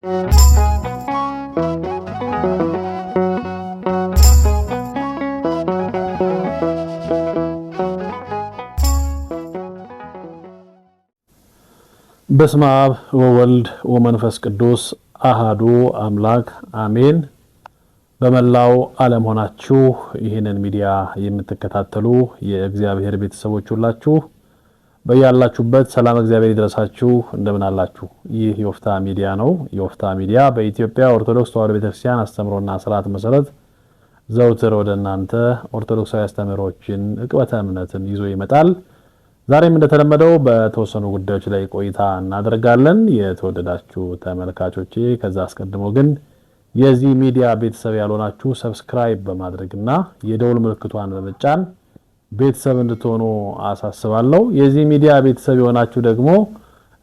በስመ አብ ወወልድ ወመንፈስ ቅዱስ አሃዱ አምላክ አሜን። በመላው ዓለም ሆናችሁ ይህንን ሚዲያ የምትከታተሉ የእግዚአብሔር ቤተሰቦች ሁላችሁ በያላችሁበት ሰላም እግዚአብሔር ይድረሳችሁ። እንደምን አላችሁ? ይህ የወፍታ ሚዲያ ነው። የወፍታ ሚዲያ በኢትዮጵያ ኦርቶዶክስ ተዋሕዶ ቤተክርስቲያን አስተምሮና ስርዓት መሰረት ዘውትር ወደ እናንተ ኦርቶዶክሳዊ አስተምሮችን እቅበተ እምነትን ይዞ ይመጣል። ዛሬም እንደተለመደው በተወሰኑ ጉዳዮች ላይ ቆይታ እናደርጋለን። የተወደዳችሁ ተመልካቾቼ፣ ከዛ አስቀድሞ ግን የዚህ ሚዲያ ቤተሰብ ያልሆናችሁ ሰብስክራይብ በማድረግና የደውል ምልክቷን በመጫን ቤተሰብ እንድትሆኑ አሳስባለሁ። የዚህ ሚዲያ ቤተሰብ የሆናችሁ ደግሞ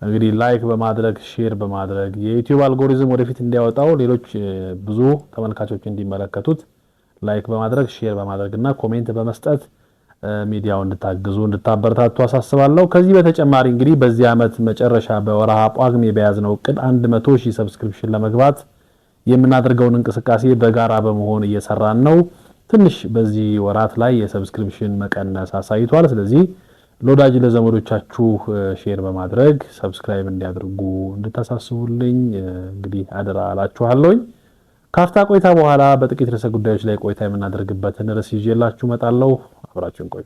እንግዲህ ላይክ በማድረግ ሼር በማድረግ የዩቲዩብ አልጎሪዝም ወደፊት እንዲያወጣው ሌሎች ብዙ ተመልካቾች እንዲመለከቱት ላይክ በማድረግ ሼር በማድረግ እና ኮሜንት በመስጠት ሚዲያው እንድታግዙ እንድታበረታቱ አሳስባለሁ። ከዚህ በተጨማሪ እንግዲህ በዚህ ዓመት መጨረሻ በወርሃ ጳጉሜ በያዝነው እቅድ 100 ሺህ ሰብስክሪፕሽን ለመግባት የምናደርገውን እንቅስቃሴ በጋራ በመሆን እየሰራን ነው። ትንሽ በዚህ ወራት ላይ የሰብስክሪፕሽን መቀነስ አሳይቷል። ስለዚህ ለወዳጅ ለዘመዶቻችሁ ሼር በማድረግ ሰብስክራይብ እንዲያደርጉ እንድታሳስቡልኝ እንግዲህ አደራ አላችኋለሁኝ። ካፍታ ቆይታ በኋላ በጥቂት ርዕሰ ጉዳዮች ላይ ቆይታ የምናደርግበትን ርዕስ ይዤላችሁ እመጣለሁ። አብራችን ቆዩ።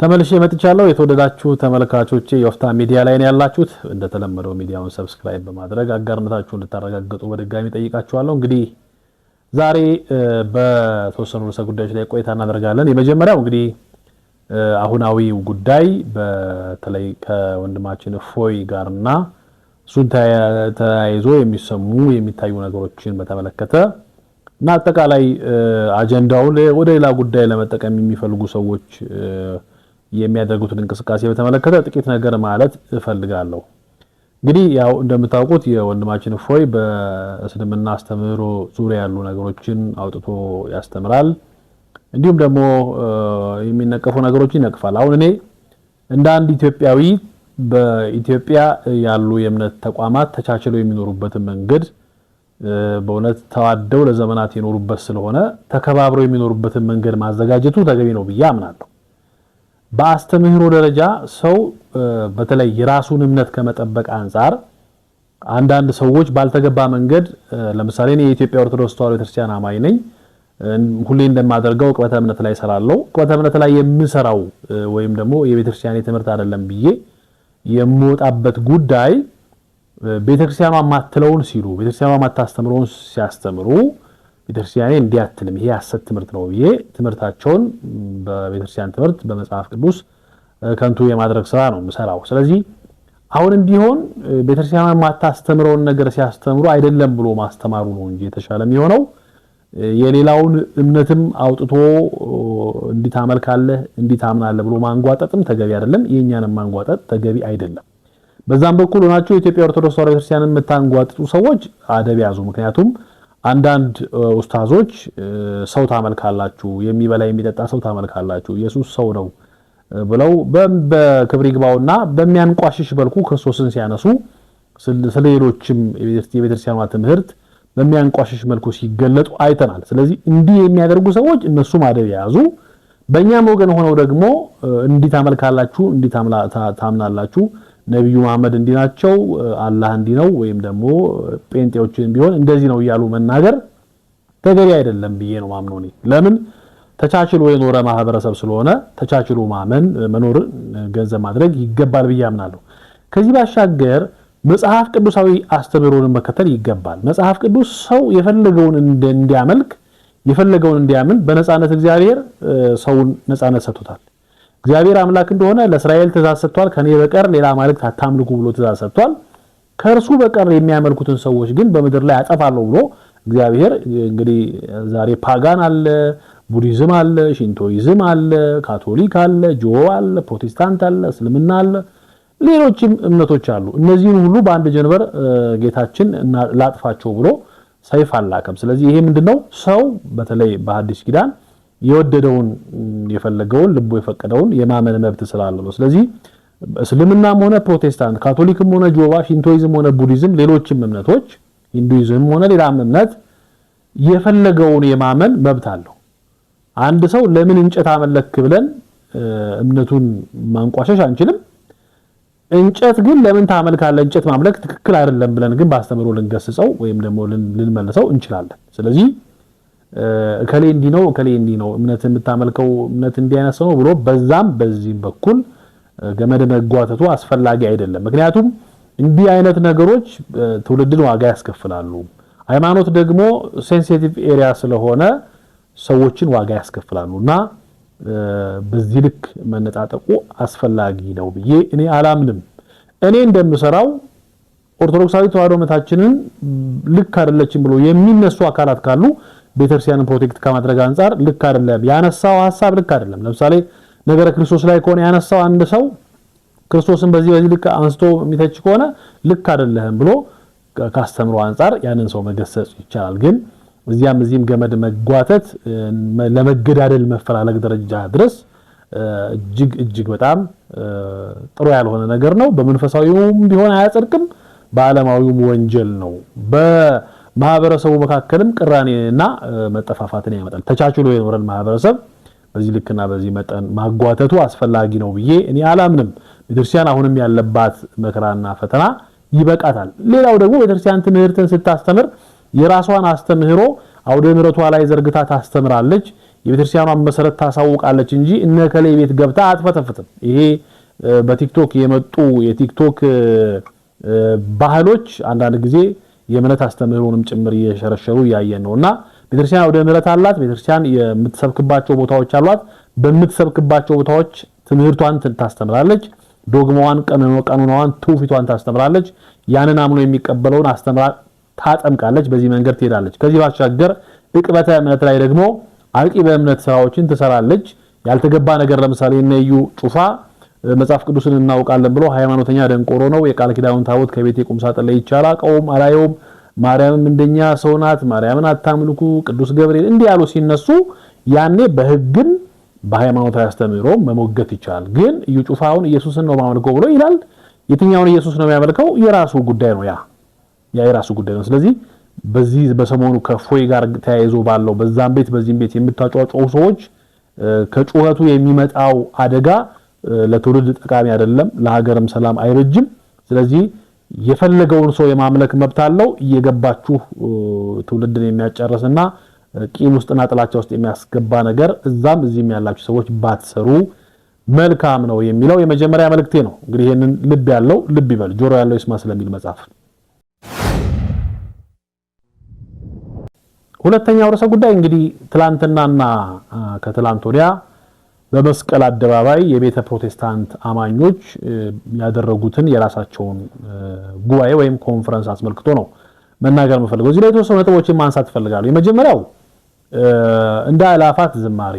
ተመልሼ መጥቻለሁ። የተወደዳችሁ ተመልካቾቼ የወፍታ ሚዲያ ላይ ነው ያላችሁት። እንደተለመደው ሚዲያውን ሰብስክራይብ በማድረግ አጋርነታችሁ እንድታረጋግጡ በድጋሚ ጠይቃችኋለሁ። እንግዲህ ዛሬ በተወሰኑ ርዕሰ ጉዳዮች ላይ ቆይታ እናደርጋለን። የመጀመሪያው እንግዲህ አሁናዊ ጉዳይ በተለይ ከወንድማችን እፎይ ጋርና እሱን ተያይዞ የሚሰሙ የሚታዩ ነገሮችን በተመለከተ እና አጠቃላይ አጀንዳውን ወደ ሌላ ጉዳይ ለመጠቀም የሚፈልጉ ሰዎች የሚያደርጉትን እንቅስቃሴ በተመለከተ ጥቂት ነገር ማለት እፈልጋለሁ። እንግዲህ ያው እንደምታውቁት የወንድማችን እፎይ በእስልምና አስተምህሮ ዙሪያ ያሉ ነገሮችን አውጥቶ ያስተምራል። እንዲሁም ደግሞ የሚነቀፉ ነገሮችን ይነቅፋል። አሁን እኔ እንደ አንድ ኢትዮጵያዊ በኢትዮጵያ ያሉ የእምነት ተቋማት ተቻችለው የሚኖሩበትን መንገድ በእውነት ተዋደው ለዘመናት የኖሩበት ስለሆነ ተከባብረው የሚኖሩበትን መንገድ ማዘጋጀቱ ተገቢ ነው ብዬ አምናለሁ። በአስተምህሮ ደረጃ ሰው በተለይ የራሱን እምነት ከመጠበቅ አንጻር አንዳንድ ሰዎች ባልተገባ መንገድ ለምሳሌ እኔ የኢትዮጵያ ኦርቶዶክስ ተዋሕዶ ቤተክርስቲያን አማኝ ነኝ። ሁሌ እንደማደርገው ቅበተ እምነት ላይ ሰራለው። ቅበተ እምነት ላይ የምሰራው ወይም ደግሞ የቤተክርስቲያን ትምህርት አይደለም ብዬ የምወጣበት ጉዳይ ቤተክርስቲያኗ ማትለውን ሲሉ ቤተክርስቲያኗ ማታስተምረውን ሲያስተምሩ ቤተክርስቲያኔ እንዲህ አትልም፣ ይሄ ሐሰት ትምህርት ነው ብዬ ትምህርታቸውን በቤተክርስቲያን ትምህርት በመጽሐፍ ቅዱስ ከንቱ የማድረግ ስራ ነው የምሰራው። ስለዚህ አሁንም ቢሆን ቤተክርስቲያን የማታስተምረውን ነገር ሲያስተምሩ አይደለም ብሎ ማስተማሩ ነው እንጂ የተሻለ የሚሆነው የሌላውን እምነትም አውጥቶ እንዲታመልካለህ ታመልካለህ፣ ብሎ ማንጓጠጥም ተገቢ አይደለም። የእኛንም ማንጓጠጥ ተገቢ አይደለም። በዛም በኩል ሆናችሁ የኢትዮጵያ ኦርቶዶክስ ተዋሕዶ ቤተክርስቲያንን የምታንጓጥጡ ሰዎች አደብ ያዙ። ምክንያቱም አንዳንድ ኡስታዞች ሰው ታመልካላችሁ፣ የሚበላ የሚጠጣ ሰው ታመልካላችሁ፣ ኢየሱስ ሰው ነው ብለው በክብር ይግባውና በሚያንቋሽሽ መልኩ ክርስቶስን ሲያነሱ ስለሌሎችም የቤተክርስቲያኗ ትምህርት በሚያንቋሽሽ መልኩ ሲገለጡ አይተናል። ስለዚህ እንዲህ የሚያደርጉ ሰዎች እነሱ ማደብ የያዙ በእኛም ወገን ሆነው ደግሞ እንዲህ ታመልካላችሁ፣ እንዲህ ታምናላችሁ ነቢዩ መሐመድ እንዲህ ናቸው፣ አላህ እንዲህ ነው፣ ወይም ደግሞ ጴንጤዎችን ቢሆን እንደዚህ ነው እያሉ መናገር ተገቢ አይደለም ብዬ ነው ማምኖ። እኔ ለምን ተቻችሎ የኖረ ማህበረሰብ ስለሆነ ተቻችሎ ማመን መኖር ገንዘብ ማድረግ ይገባል ብዬ አምናለሁ። ከዚህ ባሻገር መጽሐፍ ቅዱሳዊ አስተምህሮንን መከተል ይገባል። መጽሐፍ ቅዱስ ሰው የፈለገውን እንዲያመልክ የፈለገውን እንዲያምን በነፃነት እግዚአብሔር ሰውን ነፃነት ሰጥቶታል። እግዚአብሔር አምላክ እንደሆነ ለእስራኤል ትእዛዝ ሰጥቷል። ከኔ በቀር ሌላ ማልክት አታምልኩ ብሎ ትእዛዝ ሰጥቷል። ከእርሱ በቀር የሚያመልኩትን ሰዎች ግን በምድር ላይ አጠፋለሁ ብሎ እግዚአብሔር እንግዲህ ዛሬ ፓጋን አለ፣ ቡዲዝም አለ፣ ሽንቶይዝም አለ፣ ካቶሊክ አለ፣ ጆ አለ፣ ፕሮቴስታንት አለ፣ እስልምና አለ፣ ሌሎችም እምነቶች አሉ። እነዚህን ሁሉ በአንድ ጀንበር ጌታችን ላጥፋቸው ብሎ ሰይፍ አላከም። ስለዚህ ይሄ ምንድነው ሰው በተለይ በሀዲስ ኪዳን የወደደውን የፈለገውን ልቡ የፈቀደውን የማመን መብት ስላለ ነው። ስለዚህ እስልምናም ሆነ ፕሮቴስታንት፣ ካቶሊክም ሆነ ጆባ፣ ሽንቶይዝም ሆነ ቡዲዝም፣ ሌሎችም እምነቶች ሂንዱይዝም ሆነ ሌላም እምነት የፈለገውን የማመን መብት አለው። አንድ ሰው ለምን እንጨት አመለክ ብለን እምነቱን ማንቋሸሽ አንችልም። እንጨት ግን ለምን ታመልካለህ እንጨት ማምለክ ትክክል አይደለም ብለን ግን በአስተምህሮ ልንገስጸው ወይም ደግሞ ልንመልሰው እንችላለን። ስለዚህ እከሌ እንዲህ ነው እከሌ እንዲህ ነው እምነት የምታመልከው እምነት እንዲህ አይነት ነው ብሎ በዛም በዚህም በኩል ገመድ መጓተቱ አስፈላጊ አይደለም። ምክንያቱም እንዲህ አይነት ነገሮች ትውልድን ዋጋ ያስከፍላሉ። ሃይማኖት ደግሞ ሴንሲቲቭ ኤሪያ ስለሆነ ሰዎችን ዋጋ ያስከፍላሉ እና በዚህ ልክ መነጣጠቁ አስፈላጊ ነው ብዬ እኔ አላምንም። እኔ እንደምሰራው ኦርቶዶክሳዊ ተዋዶ እምነታችንን ልክ አይደለችም ብሎ የሚነሱ አካላት ካሉ ቤተክርስቲያንን ፕሮቴክት ከማድረግ አንጻር ልክ አይደለም ያነሳው ሀሳብ ልክ አይደለም። ለምሳሌ ነገረ ክርስቶስ ላይ ከሆነ ያነሳው አንድ ሰው ክርስቶስን በዚህ በዚህ ልክ አንስቶ የሚተች ከሆነ ልክ አይደለህም ብሎ ካስተምሮ አንጻር ያንን ሰው መገሰጽ ይቻላል። ግን እዚያም እዚህም ገመድ መጓተት ለመገዳደል መፈላለግ ደረጃ ድረስ እጅግ እጅግ በጣም ጥሩ ያልሆነ ነገር ነው። በመንፈሳዊውም ቢሆን አያጸድቅም፣ በዓለማዊውም ወንጀል ነው። ማህበረሰቡ መካከልም ቅራኔና መጠፋፋትን ያመጣል። ተቻችሎ የኖረን ማህበረሰብ በዚህ ልክና በዚህ መጠን ማጓተቱ አስፈላጊ ነው ብዬ እኔ አላምንም። ቤተክርስቲያን አሁንም ያለባት መከራና ፈተና ይበቃታል። ሌላው ደግሞ ቤተክርስቲያን ትምህርትን ስታስተምር የራሷን አስተምህሮ አውደ ምሕረቷ ላይ ዘርግታ ታስተምራለች። የቤተክርስቲያኗን መሰረት ታሳውቃለች እንጂ እነከሌ ቤት ገብታ አትፈተፍትም። ይሄ በቲክቶክ የመጡ የቲክቶክ ባህሎች አንዳንድ ጊዜ የእምነት አስተምህሮንም ጭምር እየሸረሸሩ እያየን ነው እና ቤተክርስቲያን ወደ ምህረት አላት። ቤተክርስቲያን የምትሰብክባቸው ቦታዎች አሏት። በምትሰብክባቸው ቦታዎች ትምህርቷን ታስተምራለች። ዶግማዋን፣ ቀኖናዋን፣ ትውፊቷን ታስተምራለች። ያንን አምኖ የሚቀበለውን አስተምራ ታጠምቃለች። በዚህ መንገድ ትሄዳለች። ከዚህ ባሻገር እቅበተ እምነት ላይ ደግሞ አልቂ በእምነት ስራዎችን ትሰራለች። ያልተገባ ነገር ለምሳሌ እነዩ ጩፋ መጽሐፍ ቅዱስን እናውቃለን ብሎ ሃይማኖተኛ ደንቆሮ ነው። የቃል ኪዳኑን ታቦት ከቤቴ ቁምሳጥን ላይ ይቻላ ቀውም አላየውም። ማርያምም እንደኛ ሰው ናት፣ ማርያምን አታምልኩ፣ ቅዱስ ገብርኤል እንዲህ ያሉ ሲነሱ ያኔ በህግም በሃይማኖታዊ አስተምህሮ መሞገት ይቻላል። ግን እዩ ኢየሱስን ነው ማመልከው ብሎ ይላል። የትኛውን ኢየሱስ ነው የሚያመልከው? የራሱ ጉዳይ ነው። ያ ያ የራሱ ጉዳይ ነው። ስለዚህ በዚህ በሰሞኑ ከፎይ ጋር ተያይዞ ባለው በዛም ቤት በዚህም ቤት የምታጫጫው ሰዎች ከጩኸቱ የሚመጣው አደጋ ለትውልድ ጠቃሚ አይደለም፣ ለሀገርም ሰላም አይረጅም ስለዚህ የፈለገውን ሰው የማምለክ መብት አለው። እየገባችሁ ትውልድን የሚያጨርስና ቂም ውስጥና ጥላቻ ውስጥ የሚያስገባ ነገር እዛም እዚህም ያላችሁ ሰዎች ባትሰሩ መልካም ነው የሚለው የመጀመሪያ መልእክቴ ነው። እንግዲህ ይህንን ልብ ያለው ልብ ይበል፣ ጆሮ ያለው ይስማ ስለሚል መጽሐፍ። ሁለተኛው ርዕሰ ጉዳይ እንግዲህ ትላንትናና ከትላንት ወዲያ በመስቀል አደባባይ የቤተ ፕሮቴስታንት አማኞች ያደረጉትን የራሳቸውን ጉባኤ ወይም ኮንፈረንስ አስመልክቶ ነው መናገር የምፈልገው። እዚህ ላይ የተወሰኑ ነጥቦችን ማንሳት ይፈልጋሉ። የመጀመሪያው እንደ አላፋት ዝማሬ፣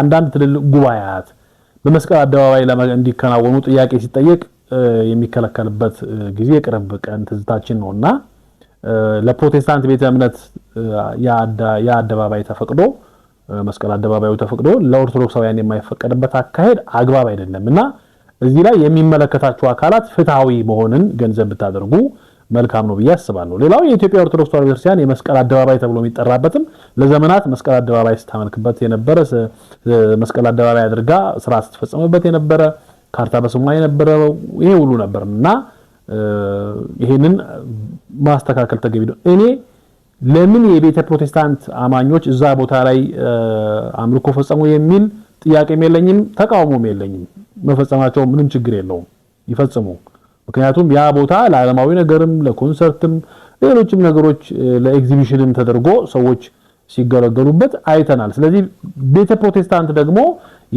አንዳንድ ትልልቅ ጉባኤያት በመስቀል አደባባይ እንዲከናወኑ ጥያቄ ሲጠየቅ የሚከለከልበት ጊዜ የቅርብ ቀን ትዝታችን ነው እና ለፕሮቴስታንት ቤተ እምነት የአደባባይ ተፈቅዶ መስቀል አደባባዩ ተፈቅዶ ለኦርቶዶክሳውያን የማይፈቀድበት አካሄድ አግባብ አይደለም እና እዚህ ላይ የሚመለከታቸው አካላት ፍትሐዊ መሆንን ገንዘብ ብታደርጉ መልካም ነው ብዬ አስባለሁ። ሌላው የኢትዮጵያ ኦርቶዶክስ ተዋሕዶ ቤተክርስቲያን የመስቀል አደባባይ ተብሎ የሚጠራበትም ለዘመናት መስቀል አደባባይ ስታመልክበት የነበረ መስቀል አደባባይ አድርጋ ስራ ስትፈጸምበት የነበረ ካርታ በስሟ የነበረው ይሄ ሁሉ ነበር እና ይሄንን ማስተካከል ተገቢ ነው እኔ ለምን የቤተ ፕሮቴስታንት አማኞች እዛ ቦታ ላይ አምልኮ ፈጸሙ የሚል ጥያቄም የለኝም፣ ተቃውሞም የለኝም። መፈጸማቸው ምንም ችግር የለውም፣ ይፈጽሙ። ምክንያቱም ያ ቦታ ለዓለማዊ ነገርም ለኮንሰርትም፣ ሌሎችም ነገሮች ለኤግዚቢሽንም ተደርጎ ሰዎች ሲገለገሉበት አይተናል። ስለዚህ ቤተ ፕሮቴስታንት ደግሞ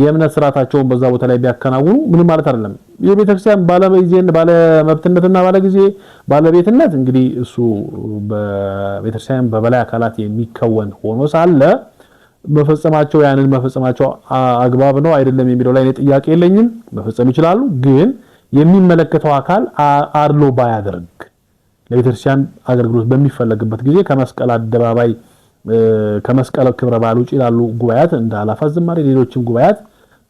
የእምነት ስርዓታቸውን በዛ ቦታ ላይ ቢያከናውኑ ምንም ማለት አይደለም። የቤተክርስቲያን ባለጊዜን ባለመብትነትና ባለጊዜ ባለቤትነት እንግዲህ እሱ በቤተክርስቲያን በበላይ አካላት የሚከወን ሆኖ ሳለ መፈጸማቸው ያንን መፈጸማቸው አግባብ ነው አይደለም የሚለው ላይ ጥያቄ የለኝም። መፈጸም ይችላሉ። ግን የሚመለከተው አካል አድሎ ባያደርግ ለቤተክርስቲያን አገልግሎት በሚፈለግበት ጊዜ ከመስቀል አደባባይ ከመስቀል ክብረ በዓል ውጭ ላሉ ጉባኤያት እንደ አላፋ ዝማሬ፣ ሌሎችም ጉባኤያት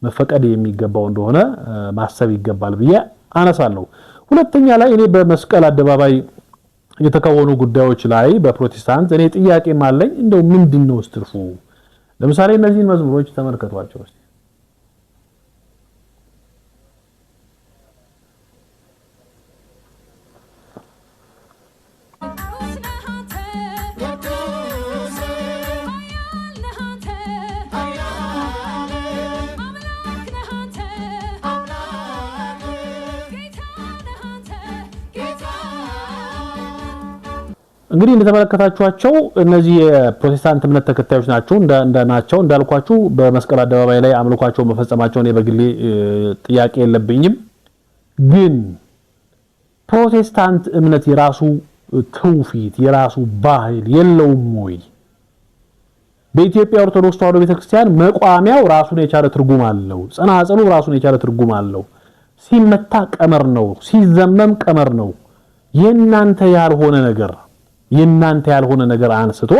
መፈቀድ የሚገባው እንደሆነ ማሰብ ይገባል ብዬ አነሳለሁ። ሁለተኛ ላይ እኔ በመስቀል አደባባይ የተከወኑ ጉዳዮች ላይ በፕሮቴስታንት እኔ ጥያቄም አለኝ። እንደው ምንድን ነው ስትርፉ? ለምሳሌ እነዚህን መዝሙሮች ተመልከቷቸው። እንግዲህ እንደተመለከታችኋቸው እነዚህ የፕሮቴስታንት እምነት ተከታዮች ናቸው ናቸው እንዳልኳችሁ በመስቀል አደባባይ ላይ አምልኳቸው መፈጸማቸውን በግሌ ጥያቄ የለብኝም። ግን ፕሮቴስታንት እምነት የራሱ ትውፊት የራሱ ባህል የለውም ወይ? በኢትዮጵያ ኦርቶዶክስ ተዋህዶ ቤተክርስቲያን መቋሚያው ራሱን የቻለ ትርጉም አለው። ጸናጽሉ ራሱን የቻለ ትርጉም አለው። ሲመታ ቀመር ነው፣ ሲዘመም ቀመር ነው። የእናንተ ያልሆነ ነገር የእናንተ ያልሆነ ነገር አንስቶ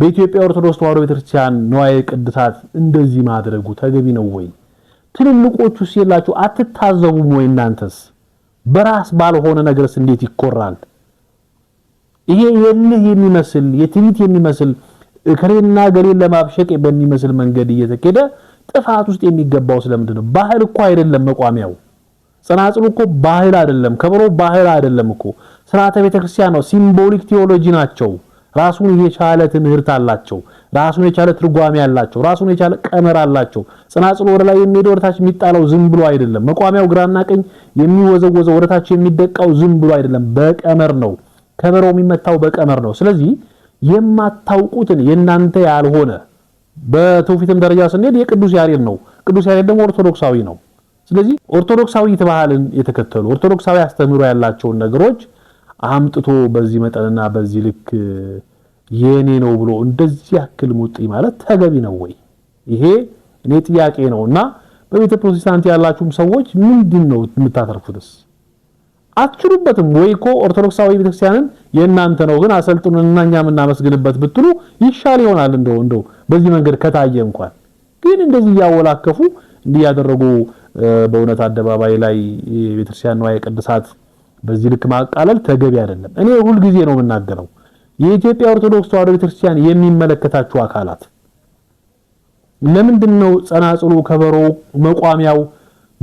በኢትዮጵያ ኦርቶዶክስ ተዋሕዶ ቤተክርስቲያን ንዋየ ቅድሳት እንደዚህ ማድረጉ ተገቢ ነው ወይ? ትልልቆቹ የላችሁ አትታዘቡም ወይ? እናንተስ በራስ ባልሆነ ነገርስ እንዴት ይኮራል? ይሄ የልህ የሚመስል የትሪት የሚመስል እከሌና ገሌን ለማብሸቅ በሚመስል መንገድ እየተኬደ ጥፋት ውስጥ የሚገባው ስለምንድን ነው? ባህል እኮ አይደለም መቋሚያው። ጽናጽሉ እኮ ባህል አይደለም። ከበሮ ባህል አይደለም እኮ ስርዓተ ቤተክርስቲያን ነው። ሲምቦሊክ ቴዎሎጂ ናቸው። ራሱን የቻለ ትምህርት አላቸው። ራሱን የቻለ ትርጓሜ አላቸው። ራሱን የቻለ ቀመር አላቸው። ጽናጽል ወደ ላይ የሚሄደው ወደታች የሚጣለው ዝም ብሎ አይደለም። መቋሚያው ግራና ቀኝ የሚወዘወዘው ወደታች የሚደቃው ዝም ብሎ አይደለም፣ በቀመር ነው። ከበሮው የሚመታው በቀመር ነው። ስለዚህ የማታውቁትን የእናንተ ያልሆነ በትውፊትም ደረጃ ስንሄድ የቅዱስ ያሬድ ነው። ቅዱስ ያሬድ ደግሞ ኦርቶዶክሳዊ ነው። ስለዚህ ኦርቶዶክሳዊ ባህልን የተከተሉ ኦርቶዶክሳዊ አስተምህሮ ያላቸውን ነገሮች አምጥቶ በዚህ መጠንና በዚህ ልክ የኔ ነው ብሎ እንደዚህ ያክል ሙጥ ማለት ተገቢ ነው ወይ? ይሄ እኔ ጥያቄ ነውና በቤተ ፕሮቴስታንት ያላችሁም ሰዎች ምንድን ነው የምታተርፉትስ? አትችሉበትም ወይ? እኮ ኦርቶዶክሳዊ ቤተክርስቲያንን የእናንተ ነው ግን አሰልጥኑንና እኛ የምናመስግንበት ብትሉ ይሻል ይሆናል። እንደው እንደው በዚህ መንገድ ከታየ እንኳን ግን እንደዚህ እያወላከፉ እንዲህ ያደረጉ በእውነት አደባባይ ላይ ቤተክርስቲያን ነዋ ቅድሳት በዚህ ልክ ማቃለል ተገቢ አይደለም። እኔ ጊዜ ነው የምናገረው የኢትዮጵያ ኦርቶዶክስ ተዋሕዶ ቤተክርስቲያን የሚመለከታችሁ አካላት ለምንድን ነው ጸናጽሉ፣ ከበሮ፣ መቋሚያው፣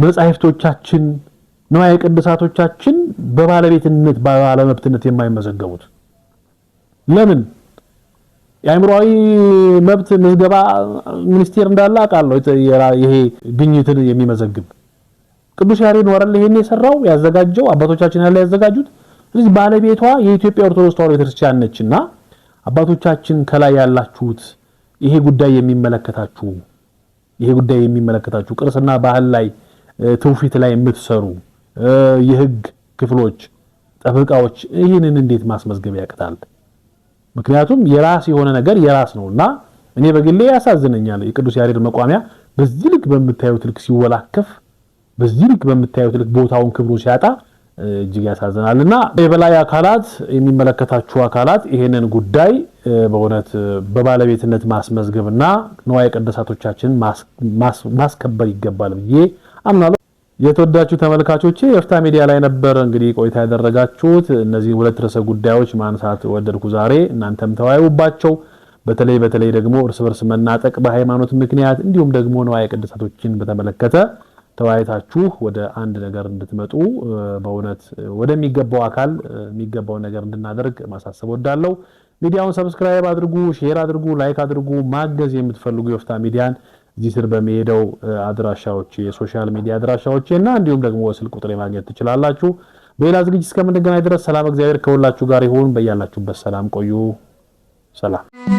መጻሕፍቶቻችን፣ ንዋየ ቅድሳቶቻችን በባለቤትነት ባለመብትነት የማይመዘገቡት? ለምን የአእምሮአዊ መብት ምዝገባ ሚኒስቴር እንዳለ አውቃለሁ። ይሄ ግኝትን የሚመዘግብ ቅዱስ ያሬድ ነው አይደል ይሄን የሰራው ያዘጋጀው አባቶቻችን ያለ ያዘጋጁት። ስለዚህ ባለቤቷ የኢትዮጵያ ኦርቶዶክስ ተዋሕዶ ቤተክርስቲያን ነችና አባቶቻችን ከላይ ያላችሁት ይሄ ጉዳይ የሚመለከታችሁ ይሄ ጉዳይ የሚመለከታችሁ ቅርስና ባህል ላይ ትውፊት ላይ የምትሰሩ የህግ ክፍሎች ጠበቃዎች ይህንን እንዴት ማስመዝገብ ያቅታል? ምክንያቱም የራስ የሆነ ነገር የራስ ነውና እኔ በግሌ ያሳዝነኛል። የቅዱስ ያሬድ መቋሚያ በዚህ ልክ በምታዩት ልክ ሲወላከፍ በዚህ ልክ በምታዩት ልክ ቦታውን ክብሩ ሲያጣ እጅግ ያሳዝናል እና የበላይ አካላት የሚመለከታችሁ አካላት ይሄንን ጉዳይ በእውነት በባለቤትነት ማስመዝገብና ንዋየ ቅድሳቶቻችን ማስከበር ይገባል ብዬ አምናለሁ። የተወዳችሁ ተመልካቾቼ የፍታ ሚዲያ ላይ ነበር እንግዲህ ቆይታ ያደረጋችሁት። እነዚህ ሁለት ርዕሰ ጉዳዮች ማንሳት ወደድኩ ዛሬ። እናንተም ተወያዩባቸው። በተለይ በተለይ ደግሞ እርስ በርስ መናጠቅ በሃይማኖት ምክንያት እንዲሁም ደግሞ ንዋየ ቅድሳቶችን በተመለከተ ተወያይታችሁ ወደ አንድ ነገር እንድትመጡ በእውነት ወደሚገባው አካል የሚገባውን ነገር እንድናደርግ ማሳሰብ ወዳለው። ሚዲያውን ሰብስክራይብ አድርጉ፣ ሼር አድርጉ፣ ላይክ አድርጉ። ማገዝ የምትፈልጉ የወፍታ ሚዲያን እዚህ ስር በሚሄደው አድራሻዎች የሶሻል ሚዲያ አድራሻዎች እና እንዲሁም ደግሞ ስልክ ቁጥር ማግኘት ትችላላችሁ። በሌላ ዝግጅት እስከምንገናኝ ድረስ ሰላም፣ እግዚአብሔር ከሁላችሁ ጋር ይሁን። በያላችሁበት ሰላም ቆዩ። ሰላም